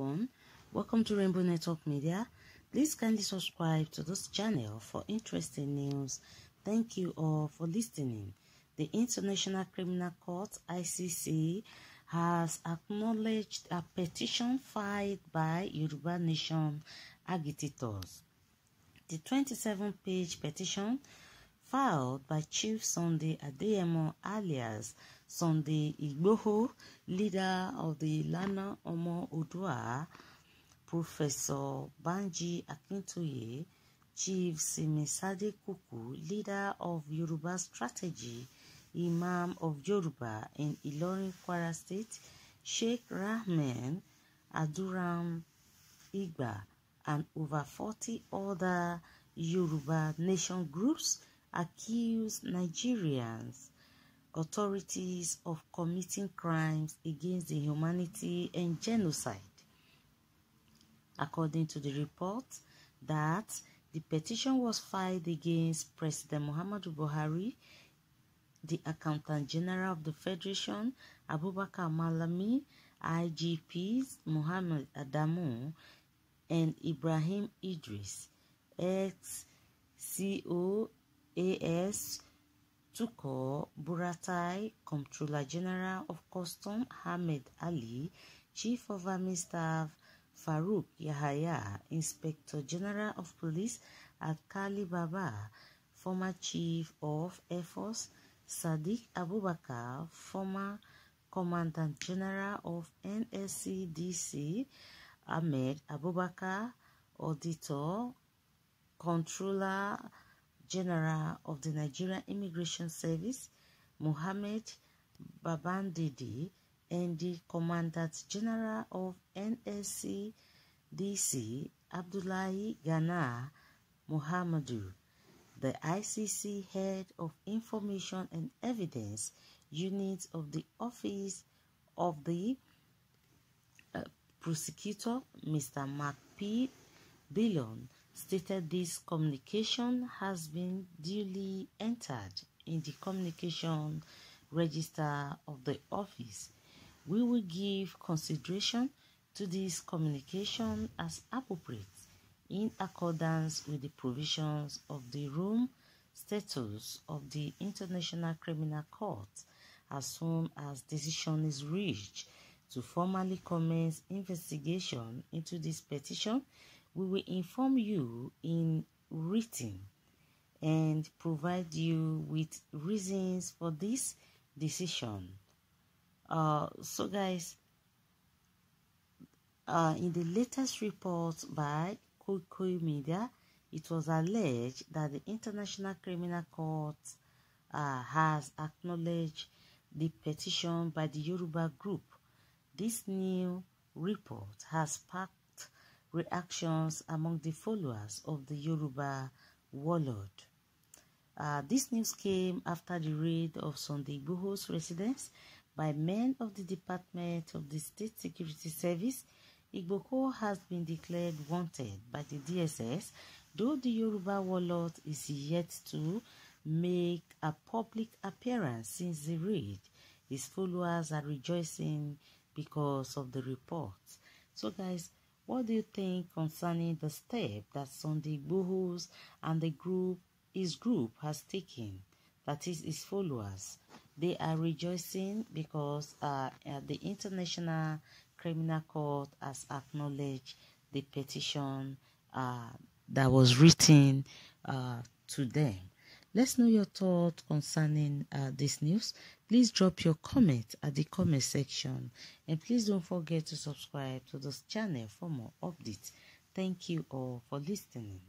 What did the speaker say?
everyone welcome to rainbow network media please kindly subscribe to this channel for interesting news thank you all for listening the international criminal court icc has acknowledged a petition filed by yoruba nation agitators the 27 page petition filed by Chief Sunday Adeyemo alias Sunday Igboho, leader of the Lana Omo Odua, Professor Banji Akintoye, Chief Simisade Kuku, leader of Yoruba Strategy, Imam of Yoruba in Ilorin Kwara State, Sheikh Rahman Aduram Igba, and over 40 other Yoruba nation groups accused Nigerians authorities of committing crimes against the humanity and genocide. According to the report, that the petition was filed against President Muhammadu Buhari, the Accountant General of the Federation, Abubakar Malami, IGPs Muhammad Adamu, and Ibrahim Idris, ex-CO AS Tuko Buratai, Comptroller General of Custom Ahmed Ali, Chief of Army Staff Farouk Yahaya, Inspector General of Police Akali Baba, former Chief of Air Force Sadiq Abubakar, former Commandant General of NSCDC Ahmed Abubakar, Auditor, Controller General of the Nigerian Immigration Service, Mohammed Babandidi, and the Commandant General of NSCDC, Abdullahi Ghana Muhammadu, the ICC Head of Information and Evidence Unit of the Office of the uh, Prosecutor, Mr. Mark P. Billon, stated this communication has been duly entered in the communication register of the office. We will give consideration to this communication as appropriate in accordance with the provisions of the Rome Status of the International Criminal Court as soon as decision is reached to formally commence investigation into this petition we will inform you in written and provide you with reasons for this decision. Uh, so, guys, uh, in the latest report by Kukui Media, it was alleged that the International Criminal Court uh, has acknowledged the petition by the Yoruba group. This new report has sparked reactions among the followers of the Yoruba warlord. Uh, this news came after the raid of Sunday Igboho's residence by men of the Department of the State Security Service. Igboko has been declared wanted by the DSS, though the Yoruba warlord is yet to make a public appearance since the raid. His followers are rejoicing because of the report. So guys, what do you think concerning the step that Sunday Igboho's and the group his group has taken, that is his followers? They are rejoicing because uh, uh the International Criminal Court has acknowledged the petition uh, that was written uh, to them. Let's know your thoughts concerning uh, this news. Please drop your comment at the comment section. And please don't forget to subscribe to this channel for more updates. Thank you all for listening.